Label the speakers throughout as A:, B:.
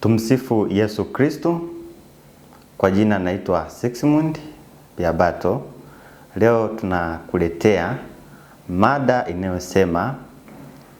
A: Tumsifu Yesu Kristo. Kwa jina naitwa Sixmund Byabato. Leo tunakuletea mada inayosema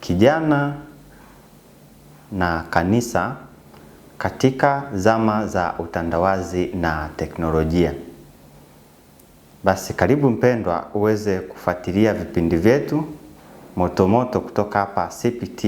A: kijana na kanisa katika zama za utandawazi na teknolojia. Basi karibu mpendwa, uweze kufuatilia vipindi vyetu motomoto kutoka hapa CPT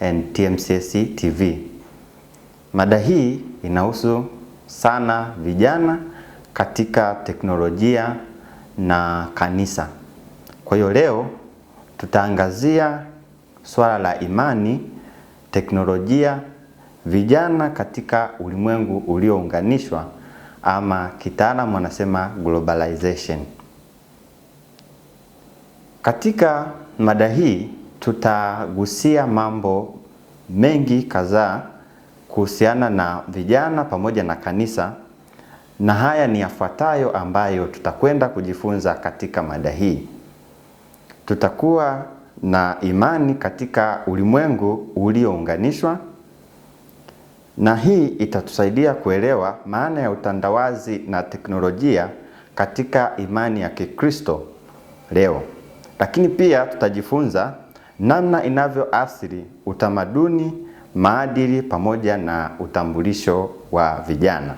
A: and TMCC e TV. Mada hii inahusu sana vijana katika teknolojia na kanisa. Kwa hiyo leo tutaangazia swala la imani, teknolojia, vijana katika ulimwengu uliounganishwa ama kitaalamu wanasema globalization. Katika mada hii tutagusia mambo mengi kadhaa kuhusiana na vijana pamoja na kanisa, na haya ni yafuatayo ambayo tutakwenda kujifunza katika mada hii. Tutakuwa na imani katika ulimwengu uliounganishwa, na hii itatusaidia kuelewa maana ya utandawazi na teknolojia katika imani ya Kikristo leo. Lakini pia tutajifunza namna inavyoathiri utamaduni maadili pamoja na utambulisho wa vijana.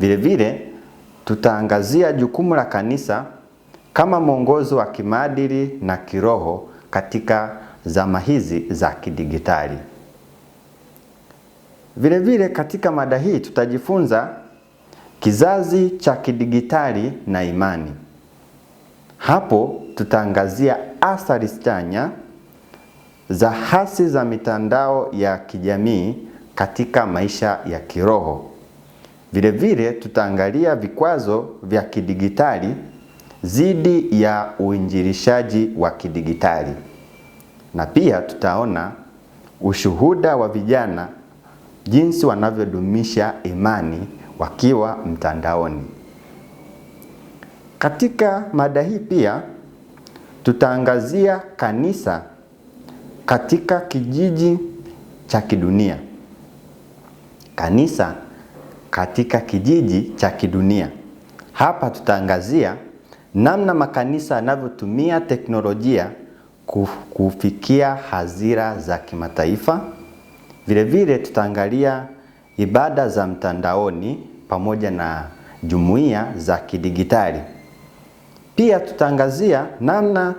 A: Vilevile tutaangazia jukumu la kanisa kama mwongozo wa kimaadili na kiroho katika zama hizi za kidigitali. Vilevile katika mada hii tutajifunza kizazi cha kidigitali na imani. Hapo tutaangazia athari chanya za hasi za mitandao ya kijamii katika maisha ya kiroho. Vilevile tutaangalia vikwazo vya kidigitali dhidi ya uinjilishaji wa kidigitali, na pia tutaona ushuhuda wa vijana jinsi wanavyodumisha imani wakiwa mtandaoni. Katika mada hii pia tutaangazia kanisa katika kijiji cha kidunia. Kanisa katika kijiji cha kidunia. Hapa tutaangazia namna makanisa yanavyotumia teknolojia kufikia hazira za kimataifa. Vilevile tutaangalia ibada za mtandaoni pamoja na jumuiya za kidigitali. Pia tutaangazia namna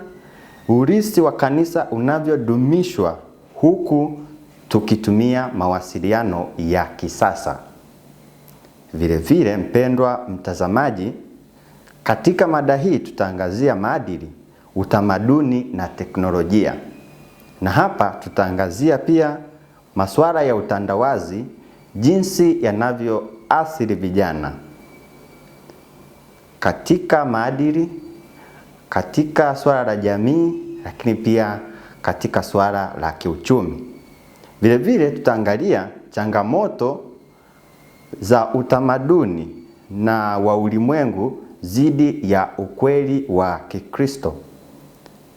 A: urithi wa kanisa unavyodumishwa huku tukitumia mawasiliano ya kisasa. Vilevile vile, mpendwa mtazamaji, katika mada hii tutaangazia maadili, utamaduni na teknolojia, na hapa tutaangazia pia masuala ya utandawazi, jinsi yanavyoathiri vijana katika maadili katika swala la jamii, lakini pia katika swala la kiuchumi. Vilevile tutaangalia changamoto za utamaduni na wa ulimwengu dhidi ya ukweli wa Kikristo,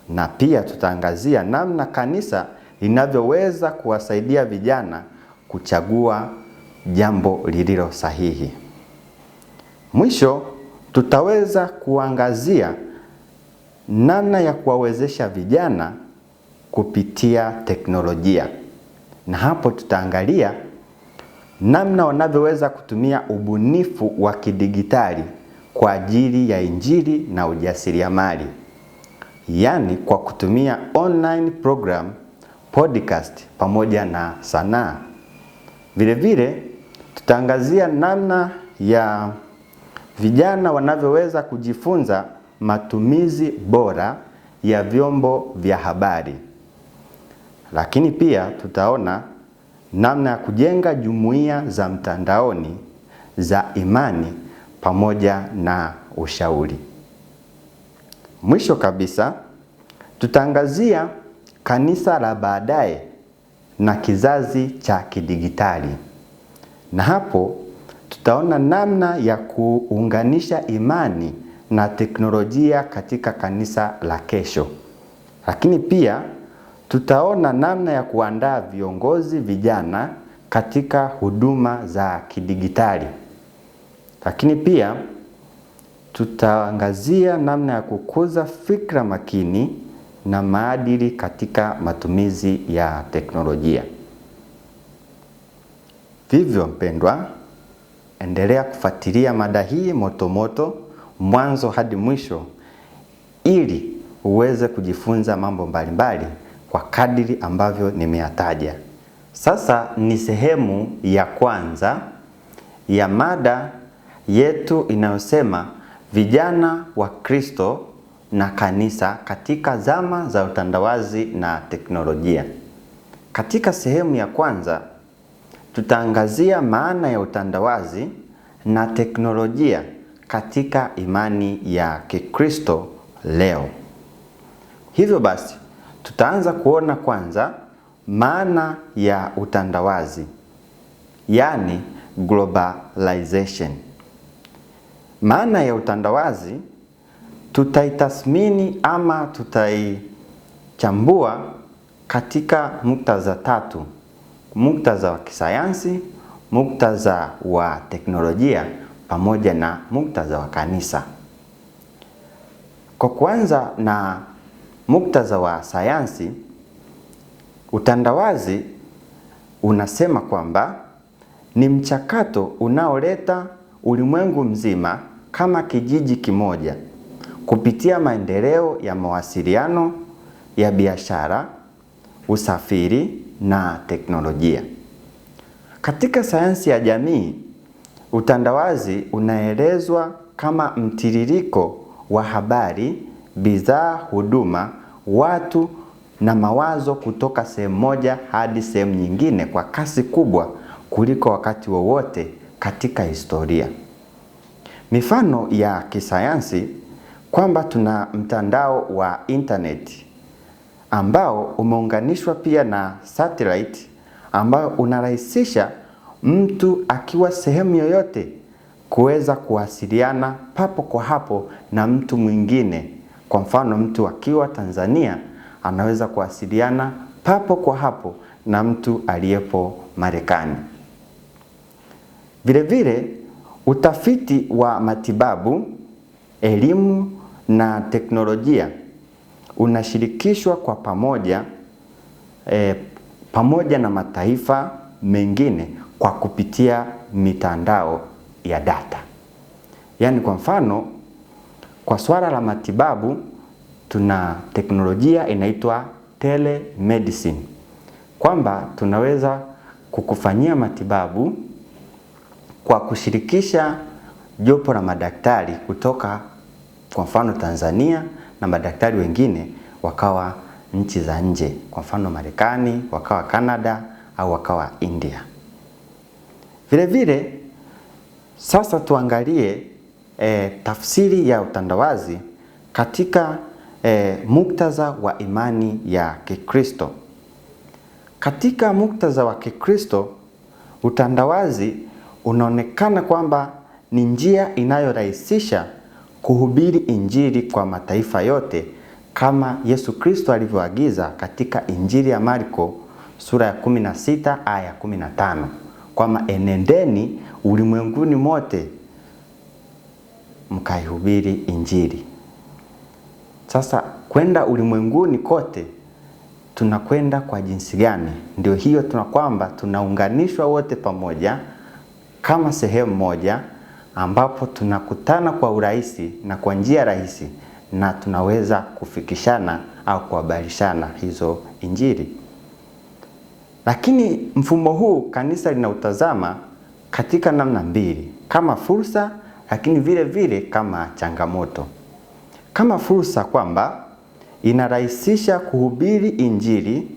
A: na pia tutaangazia namna kanisa linavyoweza kuwasaidia vijana kuchagua jambo lililo sahihi. Mwisho tutaweza kuangazia namna ya kuwawezesha vijana kupitia teknolojia, na hapo tutaangalia namna wanavyoweza kutumia ubunifu wa kidigitali kwa ajili ya Injili na ujasiriamali, yaani kwa kutumia online program, podcast pamoja na sanaa. Vilevile tutaangazia namna ya vijana wanavyoweza kujifunza matumizi bora ya vyombo vya habari. Lakini pia tutaona namna ya kujenga jumuiya za mtandaoni za imani pamoja na ushauri. Mwisho kabisa, tutaangazia kanisa la baadaye na kizazi cha kidigitali. Na hapo tutaona namna ya kuunganisha imani na teknolojia katika kanisa la kesho. Lakini pia tutaona namna ya kuandaa viongozi vijana katika huduma za kidigitali. Lakini pia tutaangazia namna ya kukuza fikra makini na maadili katika matumizi ya teknolojia. Vivyo mpendwa, endelea kufuatilia mada hii motomoto mwanzo hadi mwisho ili uweze kujifunza mambo mbalimbali mbali kwa kadiri ambavyo nimeyataja. Sasa ni sehemu ya kwanza ya mada yetu inayosema vijana wa Kristo na kanisa katika zama za utandawazi na teknolojia. Katika sehemu ya kwanza tutaangazia maana ya utandawazi na teknolojia katika imani ya Kikristo leo. Hivyo basi, tutaanza kuona kwanza maana ya utandawazi, yaani globalization. Maana ya utandawazi tutaitathmini ama tutaichambua katika muktadha tatu: muktadha wa kisayansi, muktadha wa teknolojia pamoja na muktadha wa kanisa. Kwa kuanza na muktadha wa sayansi, utandawazi unasema kwamba ni mchakato unaoleta ulimwengu mzima kama kijiji kimoja kupitia maendeleo ya mawasiliano, ya biashara, usafiri na teknolojia. Katika sayansi ya jamii Utandawazi unaelezwa kama mtiririko wa habari, bidhaa, huduma, watu na mawazo kutoka sehemu moja hadi sehemu nyingine kwa kasi kubwa kuliko wakati wowote katika historia. Mifano ya kisayansi kwamba tuna mtandao wa intaneti ambao umeunganishwa pia na satellite ambayo unarahisisha mtu akiwa sehemu yoyote kuweza kuwasiliana papo kwa hapo na mtu mwingine. Kwa mfano, mtu akiwa Tanzania anaweza kuwasiliana papo kwa hapo na mtu aliyepo Marekani. Vilevile, utafiti wa matibabu, elimu na teknolojia unashirikishwa kwa pamoja, e, pamoja na mataifa mengine kwa kupitia mitandao ya data. Yaani kwa mfano, kwa swala la matibabu tuna teknolojia inaitwa telemedicine, kwamba tunaweza kukufanyia matibabu kwa kushirikisha jopo la madaktari kutoka kwa mfano Tanzania na madaktari wengine wakawa nchi za nje, kwa mfano Marekani, wakawa canada au wakawa India. Vile vile sasa tuangalie e, tafsiri ya utandawazi katika e, muktadha wa imani ya Kikristo. Katika muktadha wa Kikristo, utandawazi unaonekana kwamba ni njia inayorahisisha kuhubiri Injili kwa mataifa yote kama Yesu Kristo alivyoagiza katika Injili ya Marko sura ya 16 aya 15 kwamba enendeni ulimwenguni mote mkaihubiri Injili. Sasa kwenda ulimwenguni kote tunakwenda kwa jinsi gani? Ndio hiyo tuna kwamba tunaunganishwa wote pamoja kama sehemu moja, ambapo tunakutana kwa urahisi na kwa njia rahisi, na tunaweza kufikishana au kuhabarishana hizo injili. Lakini mfumo huu kanisa linautazama katika namna mbili, kama fursa, lakini vile vile kama changamoto. Kama fursa kwamba inarahisisha kuhubiri Injili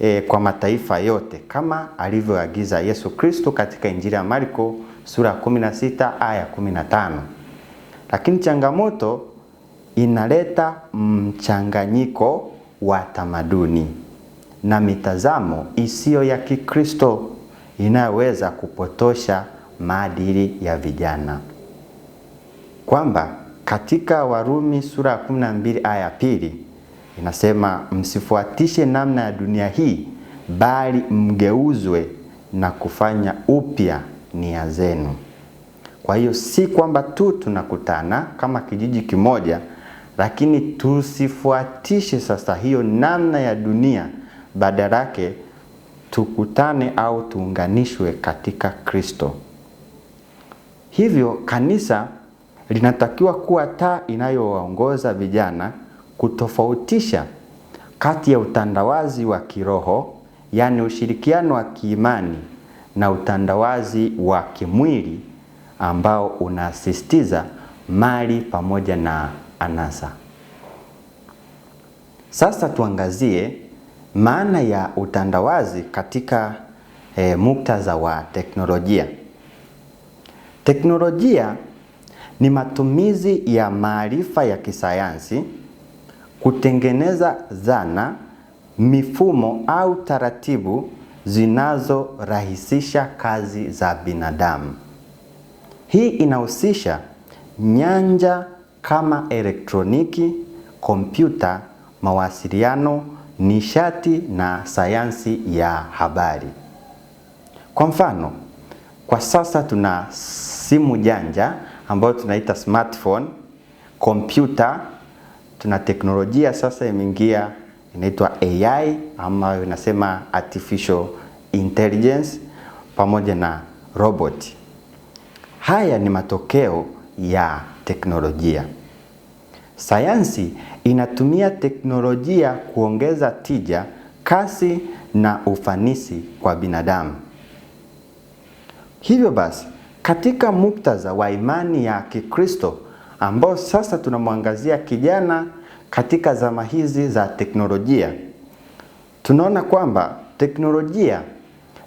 A: e, kwa mataifa yote kama alivyoagiza Yesu Kristo katika Injili ya Marko sura 16 aya 15. Lakini changamoto inaleta mchanganyiko wa tamaduni na mitazamo isiyo ya Kikristo inayoweza kupotosha maadili ya vijana, kwamba katika Warumi sura ya 12 aya ya pili inasema msifuatishe namna ya dunia hii, bali mgeuzwe na kufanya upya nia zenu. Kwa hiyo si kwamba tu tunakutana kama kijiji kimoja, lakini tusifuatishe sasa hiyo namna ya dunia badala yake tukutane au tuunganishwe katika Kristo. Hivyo kanisa linatakiwa kuwa taa inayowaongoza vijana kutofautisha kati ya utandawazi wa kiroho, yaani ushirikiano wa kiimani na utandawazi wa kimwili ambao unasisitiza mali pamoja na anasa. Sasa tuangazie maana ya utandawazi katika e, muktadha wa teknolojia. Teknolojia ni matumizi ya maarifa ya kisayansi kutengeneza zana, mifumo au taratibu zinazorahisisha kazi za binadamu. Hii inahusisha nyanja kama elektroniki, kompyuta, mawasiliano nishati na sayansi ya habari. Kwa mfano, kwa sasa tuna simu janja ambayo tunaita smartphone, kompyuta, tuna teknolojia sasa imeingia inaitwa AI ambayo inasema artificial intelligence pamoja na robot. Haya ni matokeo ya teknolojia. Sayansi inatumia teknolojia kuongeza tija, kasi na ufanisi kwa binadamu. Hivyo basi, katika muktadha wa imani ya Kikristo ambao sasa tunamwangazia kijana katika zama hizi za teknolojia, tunaona kwamba teknolojia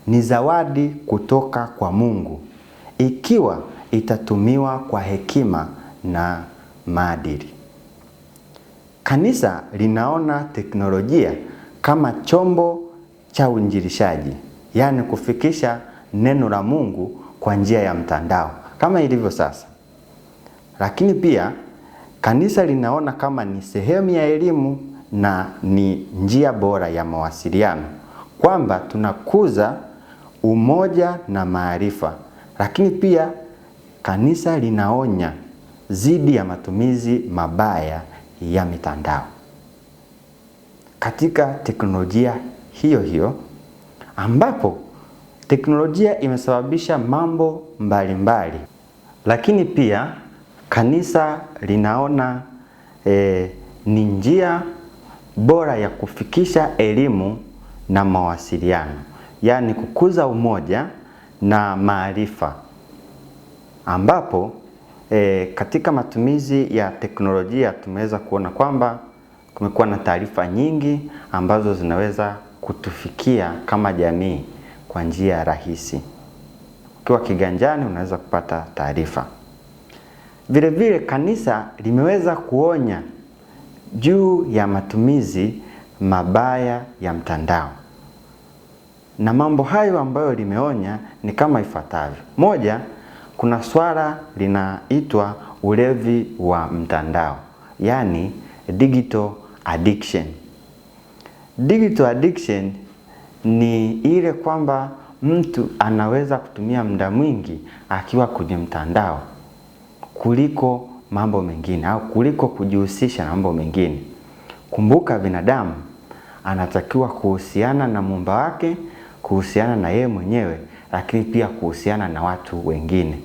A: ni zawadi kutoka kwa Mungu ikiwa itatumiwa kwa hekima na maadili. Kanisa linaona teknolojia kama chombo cha uinjilishaji, yaani kufikisha neno la Mungu kwa njia ya mtandao kama ilivyo sasa. Lakini pia kanisa linaona kama ni sehemu ya elimu na ni njia bora ya mawasiliano, kwamba tunakuza umoja na maarifa. Lakini pia kanisa linaonya dhidi ya matumizi mabaya ya mitandao. Katika teknolojia hiyo hiyo ambapo teknolojia imesababisha mambo mbalimbali mbali. Lakini pia kanisa linaona e, ni njia bora ya kufikisha elimu na mawasiliano, yaani kukuza umoja na maarifa ambapo E, katika matumizi ya teknolojia tumeweza kuona kwamba kumekuwa na taarifa nyingi ambazo zinaweza kutufikia kama jamii kwa njia rahisi. Ukiwa kiganjani unaweza kupata taarifa. Vile vile kanisa limeweza kuonya juu ya matumizi mabaya ya mtandao. Na mambo hayo ambayo limeonya ni kama ifuatavyo. Moja, kuna swala linaitwa ulevi wa mtandao, yaani digital addiction. Digital addiction ni ile kwamba mtu anaweza kutumia muda mwingi akiwa kwenye mtandao kuliko mambo mengine au kuliko kujihusisha na mambo mengine. Kumbuka, binadamu anatakiwa kuhusiana na muumba wake, kuhusiana na yeye mwenyewe, lakini pia kuhusiana na watu wengine.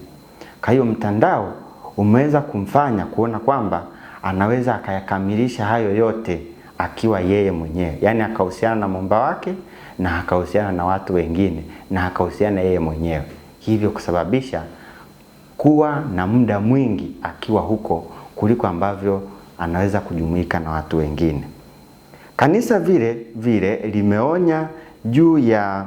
A: Kwa hiyo mtandao umeweza kumfanya kuona kwamba anaweza akayakamilisha hayo yote akiwa yeye mwenyewe, yaani akahusiana na mumba wake na akahusiana na watu wengine na akahusiana yeye mwenyewe, hivyo kusababisha kuwa na muda mwingi akiwa huko kuliko ambavyo anaweza kujumuika na watu wengine. Kanisa vile vile limeonya juu ya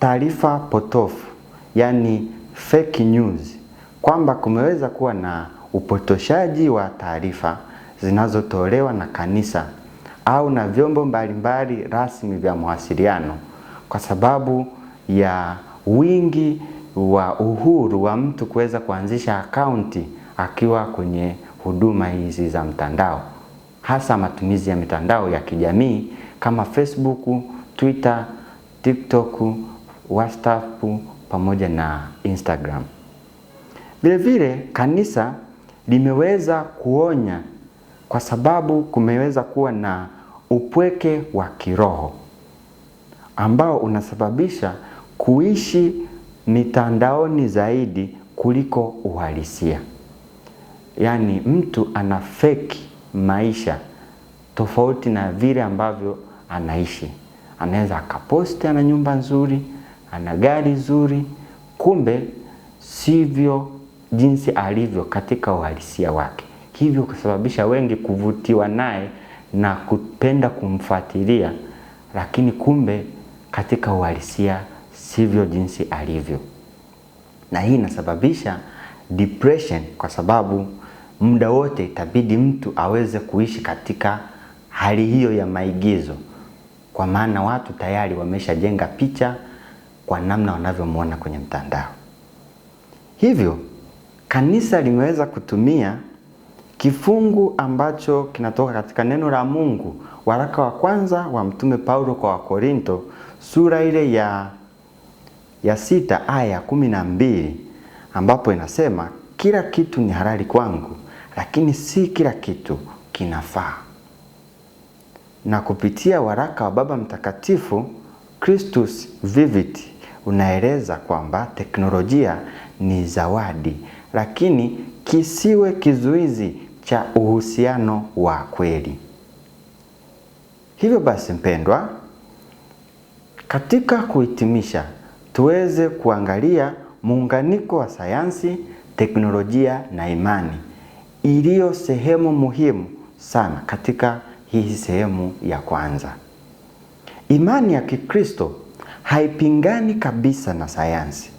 A: taarifa potofu, yaani fake news kwamba kumeweza kuwa na upotoshaji wa taarifa zinazotolewa na kanisa au na vyombo mbalimbali mbali rasmi vya mawasiliano kwa sababu ya wingi wa uhuru wa mtu kuweza kuanzisha akaunti akiwa kwenye huduma hizi za mtandao, hasa matumizi ya mitandao ya kijamii kama Facebook, Twitter, TikTok, WhatsApp pamoja na Instagram. Vilevile kanisa limeweza kuonya kwa sababu kumeweza kuwa na upweke wa kiroho ambao unasababisha kuishi mitandaoni zaidi kuliko uhalisia. Yaani mtu ana feki maisha tofauti na vile ambavyo anaishi. Anaweza akaposti ana nyumba nzuri, ana gari nzuri kumbe sivyo jinsi alivyo katika uhalisia wake, hivyo kusababisha wengi kuvutiwa naye na kupenda kumfuatilia, lakini kumbe katika uhalisia sivyo jinsi alivyo, na hii inasababisha depression, kwa sababu muda wote itabidi mtu aweze kuishi katika hali hiyo ya maigizo, kwa maana watu tayari wameshajenga picha kwa namna wanavyomwona kwenye mtandao hivyo kanisa limeweza kutumia kifungu ambacho kinatoka katika neno la Mungu, waraka wa kwanza wa mtume Paulo kwa Wakorinto sura ile ya, ya sita aya ya kumi na mbili ambapo inasema kila kitu ni halali kwangu, lakini si kila kitu kinafaa. Na kupitia waraka wa Baba Mtakatifu Christus Vivit unaeleza kwamba teknolojia ni zawadi lakini kisiwe kizuizi cha uhusiano wa kweli. Hivyo basi, mpendwa, katika kuhitimisha, tuweze kuangalia muunganiko wa sayansi, teknolojia na imani iliyo sehemu muhimu sana katika hii sehemu ya kwanza. Imani ya Kikristo haipingani kabisa na sayansi,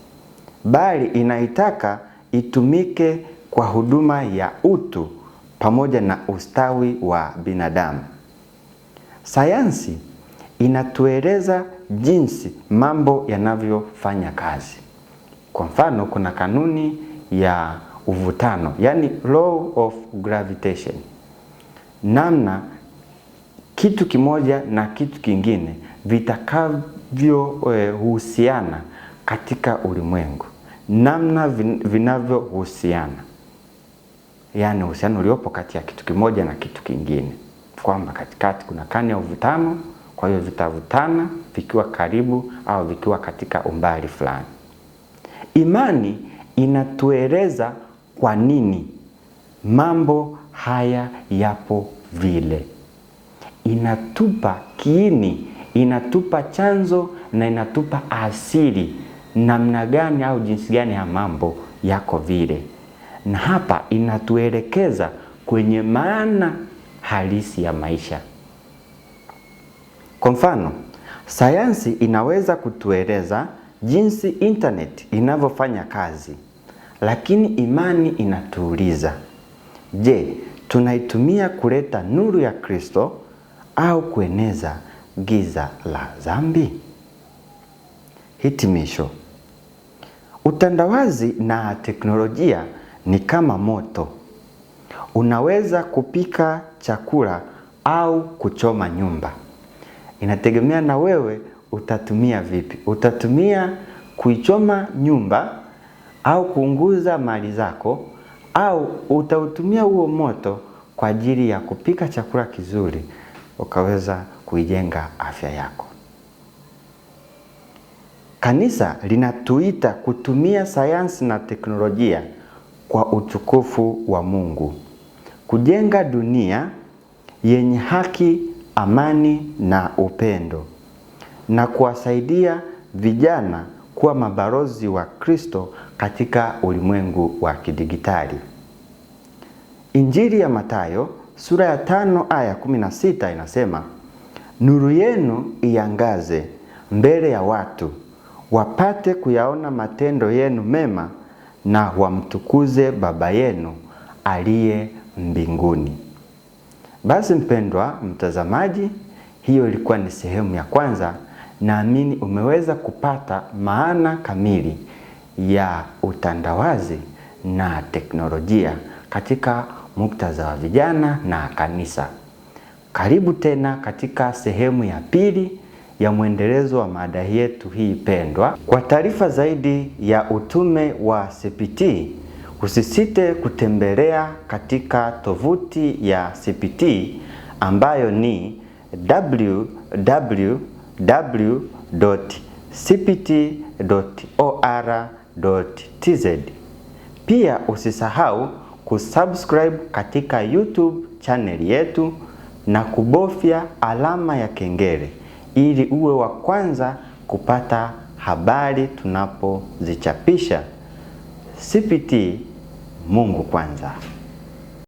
A: bali inaitaka itumike kwa huduma ya utu pamoja na ustawi wa binadamu. Sayansi inatueleza jinsi mambo yanavyofanya kazi. Kwa mfano, kuna kanuni ya uvutano, yani law of gravitation, namna kitu kimoja na kitu kingine vitakavyohusiana katika ulimwengu namna vinavyohusiana, yaani uhusiano uliopo kati ya kitu kimoja na kitu kingine, kwamba katikati kuna kani ya uvutano, kwa hiyo vitavutana vikiwa karibu au vikiwa katika umbali fulani. Imani inatueleza kwa nini mambo haya yapo vile, inatupa kiini, inatupa chanzo na inatupa asili namna gani au jinsi gani ya mambo yako vile, na hapa inatuelekeza kwenye maana halisi ya maisha. Kwa mfano, sayansi inaweza kutueleza jinsi internet inavyofanya kazi, lakini imani inatuuliza, je, tunaitumia kuleta nuru ya Kristo au kueneza giza la dhambi? Hitimisho. Utandawazi na teknolojia ni kama moto. Unaweza kupika chakula au kuchoma nyumba. Inategemea na wewe utatumia vipi. Utatumia kuichoma nyumba au kuunguza mali zako au utautumia huo moto kwa ajili ya kupika chakula kizuri ukaweza kuijenga afya yako. Kanisa linatuita kutumia sayansi na teknolojia kwa utukufu wa Mungu, kujenga dunia yenye haki, amani na upendo, na kuwasaidia vijana kuwa mabalozi wa Kristo katika ulimwengu wa kidigitali. Injili ya Mathayo sura ya tano aya 16 inasema, nuru yenu iangaze mbele ya watu wapate kuyaona matendo yenu mema na wamtukuze Baba yenu aliye mbinguni. Basi mpendwa mtazamaji, hiyo ilikuwa ni sehemu ya kwanza. Naamini umeweza kupata maana kamili ya utandawazi na teknolojia katika muktadha wa vijana na kanisa. Karibu tena katika sehemu ya pili ya mwendelezo wa mada yetu hii pendwa. Kwa taarifa zaidi ya utume wa CPT, usisite kutembelea katika tovuti ya CPT ambayo ni www.cpt.or.tz. Pia usisahau kusubscribe katika YouTube chaneli yetu na kubofya alama ya kengele ili uwe wa kwanza kupata habari tunapozichapisha. CPT Mungu Kwanza.